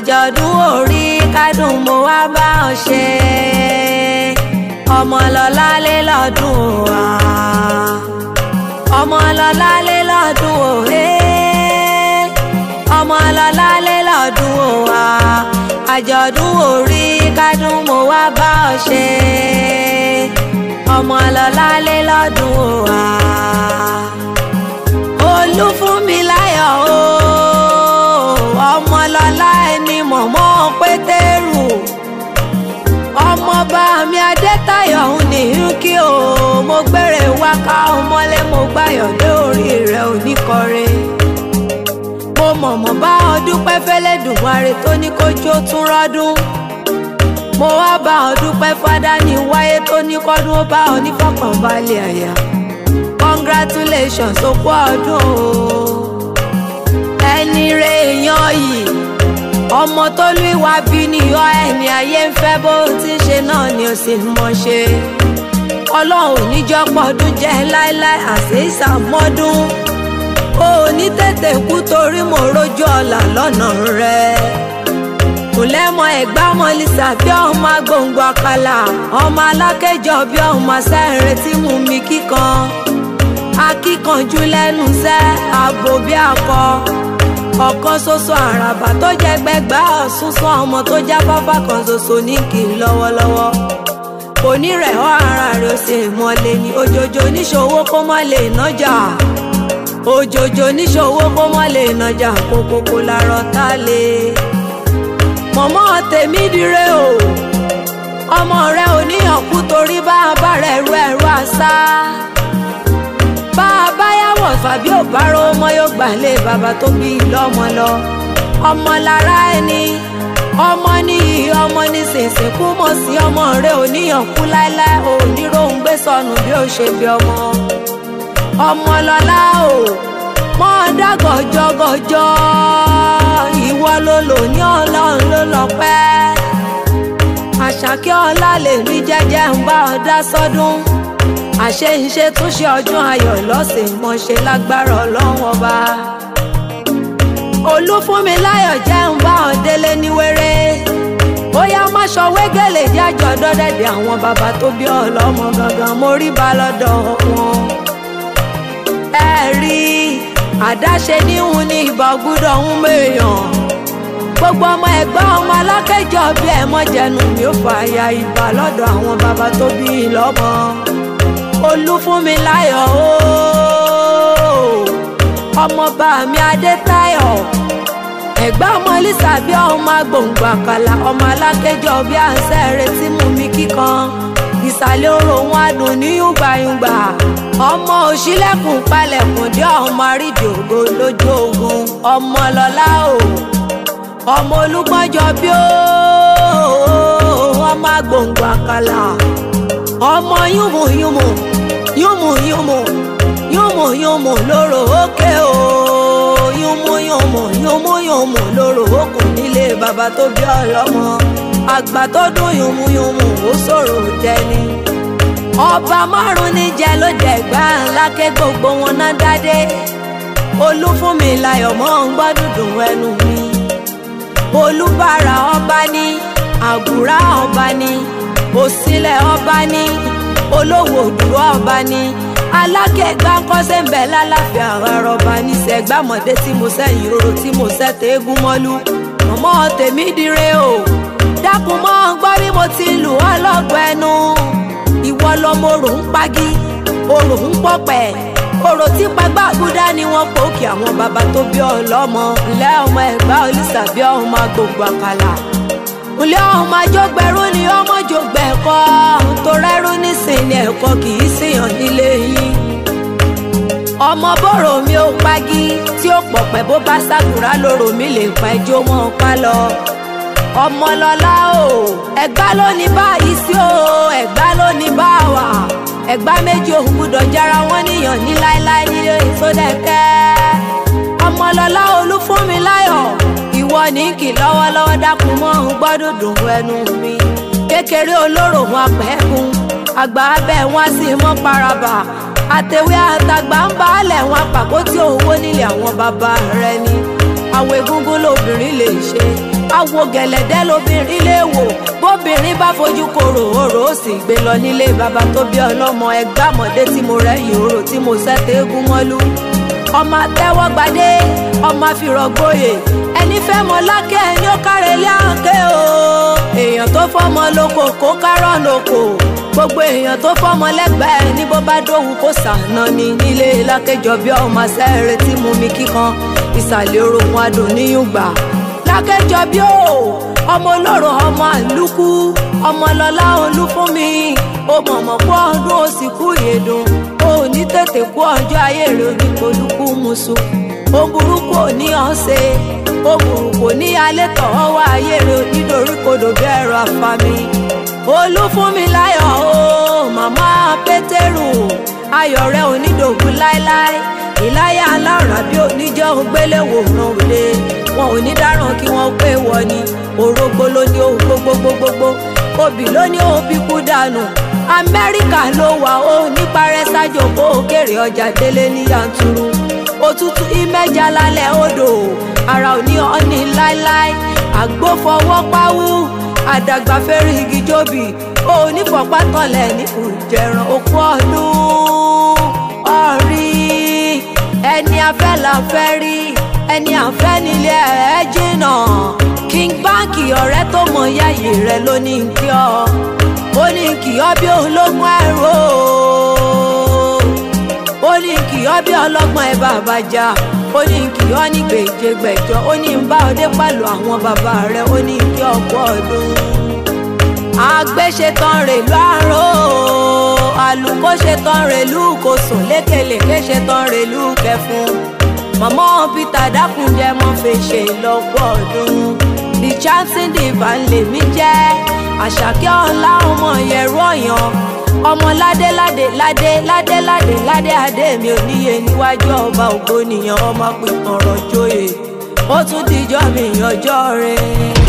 àjọ̀dún orí kádùn mo wá bá ọ ṣe ọmọlọ́lá lé lọ́dún wa ọmọlọ́lá lé lọ́dún òwe ọmọlọ́lá lé lọ́dún wa àjọ̀dún orí kádùn mo wá bá ọ ṣe ọmọlọ́lá lé lọ́dún wa. fi kọ̀re mo mọ̀mọ́ bá ọ dúpẹ́ fẹ́lẹ́dùnmáre tó ní kójó tún rọ́dún mo wá bá ọ dúpẹ́ fádá ní wáyé tó ní kọ́dún ó bá ọ ní fọkànbalẹ̀ àyà congratulations ó kú ọdún o ẹni rẹ èèyàn yìí ọmọ tó lù ìwà bí nìyọ ẹni ayé ń fẹ́ bó ti ṣe náà ni ó sì mọ̀ ṣe ọlọ́run níjọ́ pọ̀ ọdún jẹ́ láéláé àṣẹ ò ní tètè kú torí mo rójú ọ̀la lọ́nà rẹ kò lẹ́mọ ẹ̀gbá mọ́lísà bí ọmọ agbóǹgbò àkàlà ọmọ alákẹ́jọ bí ọmọ sẹ́rin tí mú mi kíkan akíkanjú lẹ́nu sẹ́ ààbò bí akọ ọ̀kan ṣoṣo àràbà tó jẹ́ gbẹgbẹ́ ọ̀sùnsán ọmọ tó já bábà kan ṣoṣo ní kì í lọ́wọ́lọ́wọ́ onírẹ̀họ́ ara rẹ̀ ó sì mọ́lẹ̀ ní ojoojó oníṣòwò kó má lè nájà. No ja òjòjò níṣòwò kó mọ́ lè nàjà kókókó lárọ̀ tá a lè. mọ̀mọ́ tèmi dire o ọmọ rẹ ò níyàn kú torí bá a bá rẹ̀ ru ẹ̀rọ àṣà. bá a bá yàwọ̀ fàbí ò bá rọ ọmọ yóò gbà lé bàbá tó bí lọ́mọ lọ. ọmọ lára ẹni ọmọ níyì ọmọ ní sèse kú mọ̀ sí ọmọ rẹ ò níyàn kú láéláé ò ní rohùn sọnù bí ó ṣe bí ọmọ ọmọlọ́lá o mọ́ dá gọ̀jọ́gọ̀jọ́ ìwọ ló lò ní ọlọ́run ló lọ́pẹ́ àṣàkí ọlá lè rí jẹ́jẹ́ ń bá ọ dá sọ́dún àṣẹ ìṣe tún ṣe ọdún ayọ̀ lọ́sẹ̀ mọ́ ṣe lágbára ọlọ́run ọba olúfúnmi láyọ̀ jẹ́ ń bá ọ ní wéré bóyá má sọ wégélè jájọ dọ́dẹ̀dẹ̀ àwọn bàbá tó bí ọlọ́mọ gangan mo rí wọn àdáṣe níhun ni ìbà gbúdọ̀ ń mèèyàn gbogbo ọmọ ẹ̀gbọ́n ọmọ alákẹ́jọ́ bí ẹ̀mọ́ jẹnu mi ò fààyà ìbà lọ́dọ̀ àwọn bàbá tó bí i lọ́mọ Olúfúnmiláyọ̀ ooo ọmọọba mi Adétáyọ̀ ẹ̀gbọ́n ọmọ Lísàbí ọmọ agbóǹgbò àkàlà ọmọ alákẹ́jọ́ bí à ń sẹ́rẹ̀ tí mú mi kíkan ìsàlẹ̀ orò adùn ní yùngbàyùngbà ọmọ òṣìlẹ̀kùn palẹ̀kùn dé ọmọ àrídìògo lójú ogun ọmọ lọ́lá o ọmọ olúgbọ́njọ bí ó ọmọ agbòǹgbò àkàlà ọmọ yúnmù yúnmù yúnmù yúnmù yúnmù yúnmù lóró òkè o yúnmù yúnmù yúnmù yúnmù lóró òkùn nílé bàbá tó bí ọlọ́mọ àgbà tó dún yúnmù yúnmù ó sọ̀rọ̀ jẹni ọba márùn níjẹ ló dẹ̀gbá lákè gbogbo wọn náà dádé olúfúnmi láyọ̀ mọ́ ń gbọ́ dùndùn ẹnu mi olúbàrà ọba ní àgùrá ọba ní òsílẹ̀ ọba ní olówó òdùrọ̀ ọba ní alákẹ́gbà ń kọ́sẹ̀ ń bẹ̀ lálàáfíà ọ̀rọ̀ ọba ní sẹ̀gbàmọ̀dé tí mo sẹ́yìn roro tí mo sẹ́ tẹ́gùn mọ́lú mọ̀mọ́ tèmi dire o dákun mọ́ ń gbọ́ bí mo ti lù ọ́ lọ́gbẹ̀ẹ́nu ìwọ lọmọ orò ń pagi orò ń pọ̀pẹ̀ orò tí pagbágúdá ni wọ́n pòkè àwọn bàbá tó bí ọlọ́mọ ńlẹ́ ọmọ ẹ̀gbá olùsà bí ọmọ gbogbo àkàlà ńlẹ́ ọmọ àjọgbẹ̀rún ni ọmọ jògbẹ̀ ẹ̀kọ́ tó rẹ́rú nísìnyí ni ẹ̀kọ́ kì í sèyàn nílé yín ọmọ bọ́rọ̀ mi ò pagi tí ó pọ̀pẹ́ bó bá ságùrá lóró mi lè pa ẹjọ́ mọ́ ọ lọ ọmọlọ́lá o ẹ̀gbá ló ní bá yìí sí o ẹ̀gbá ló ní bá wà ẹ̀gbá méjì òhun gbúdọ̀ jára wọn níyàn ní láéláé nílé Sódẹ́kẹ́ ọmọlọ́lá Olúfúnmiláyọ̀ ìwọ ní kì lọ́wọ́lọ́wọ́ dákun mọ́ òun gbọ́dọ̀ dùn ẹnu mi kékeré olóró wọn àpẹ́kùn àgbà abẹ́ wọn sì mọ́ paraba àtẹ̀wé àtàgbà ń baálẹ̀ wọn àpàkó tí òun wó nílé àwọn bàbá rẹ ni àwọn egungun lobìnrin lè ṣe awo gẹ̀lẹ̀dẹ́ lobìnrin lè wò bóbìnrin bá fojú korò orò ó sì gbé lọ nílé bàbá tó bí ọlọ́mọ ẹgbẹ́ àmọ̀dé tí mo rẹ́yìn orò tí mo sẹ́tẹ̀ eégún mọ́lú ọmọ àtẹ́wọ́ gbadé ọmọ àfìrọ̀gbòye ẹni fẹ́ mọ lákẹ́ ẹni ó kárẹ̀ lé àǹkẹ́ o èèyàn tó fọ́mọ lóko kó kárọ̀ lóko gbogbo èèyàn tó fọ́mọ lẹ́gbẹ̀ẹ́ ní bó bá dóhùn kó sànà ní nílé lákẹ́jọ bí ọmọ sẹ́ẹ̀rẹ̀ tí mú mi kíkan ìsàlẹ̀ orokun adùn níyùngbà Akẹ́jọbí o ọmọ olóró ọmọ àlùkù ọmọlọ́lá olúfúnmi ó o kú ọdún ó kú ìyèdùn ó ní tètè kú ọjọ́ ayé rẹ̀ oníkolúkú musu ó burúkú ò ọ̀sẹ̀ ó burúkú ní alẹ́ tọ̀wọ́ wá ayé rẹ̀ onídoríkodò bẹ́ẹ̀rọ fún mi láyọ̀ o màmá pétérù ayọ̀ rẹ̀ láyà alára bí oníjọ́ ògbélé wòran wèrè wọn ò ní dáràn kí wọ́n pé wọ ni orógbó ló ní ohun gbogbogbogbogbò obì ló ní ohun bíkú dànù amẹ́ríkà ló wà ó nípa rẹ̀ ṣáájú kó o kéré ọjà délé ní yanturu òtútù ìmẹ́jà lálẹ́ odò ara ò ní ọ́nì láéláé àgbófọwọ́ páwú àdàgbà fẹ́rí igi jóbi ó ní fọpá tọ̀lẹ̀ ní kùjẹ̀ràn òkú ọ̀nà. afẹ́ la fẹ́ rí ẹni àfẹ́ nílé ẹ̀ jìnnà king báńkì ọ̀rẹ́ tó mọ yáyé rẹ̀ ló ní kí ọ ó ní kí ọ bí òun ló mú ẹ̀rọ ó ní kí ọ bí ọlọ́gbọ́n ẹ bàbá jà ó ní kí ọ ní gbèjègbèjọ ó ní bá ọdẹ pàlọ́ àwọn bàbá rẹ̀ ó ní kí ọkọ ọdún agbéṣetán rèlú àrò àlùkò ṣetán rèlú kò sùn lékelèké ṣetán rèlú kẹfun mọ̀mọ́ peter dákunjẹ mọ́ fèsè lọ́pọ̀ ọdún the chanting divan lèmi jẹ́ àṣàkẹ́ ọ̀la ọmọ yẹn rọ̀yàn ọmọ ládé ládé ládé ládé ládé ládé adé mi ò níye níwájú ọba ògbónìyàn ọmọ pípọ̀rọ̀ joyè ó tún dijọ́ mi yànjọ́ rẹ̀.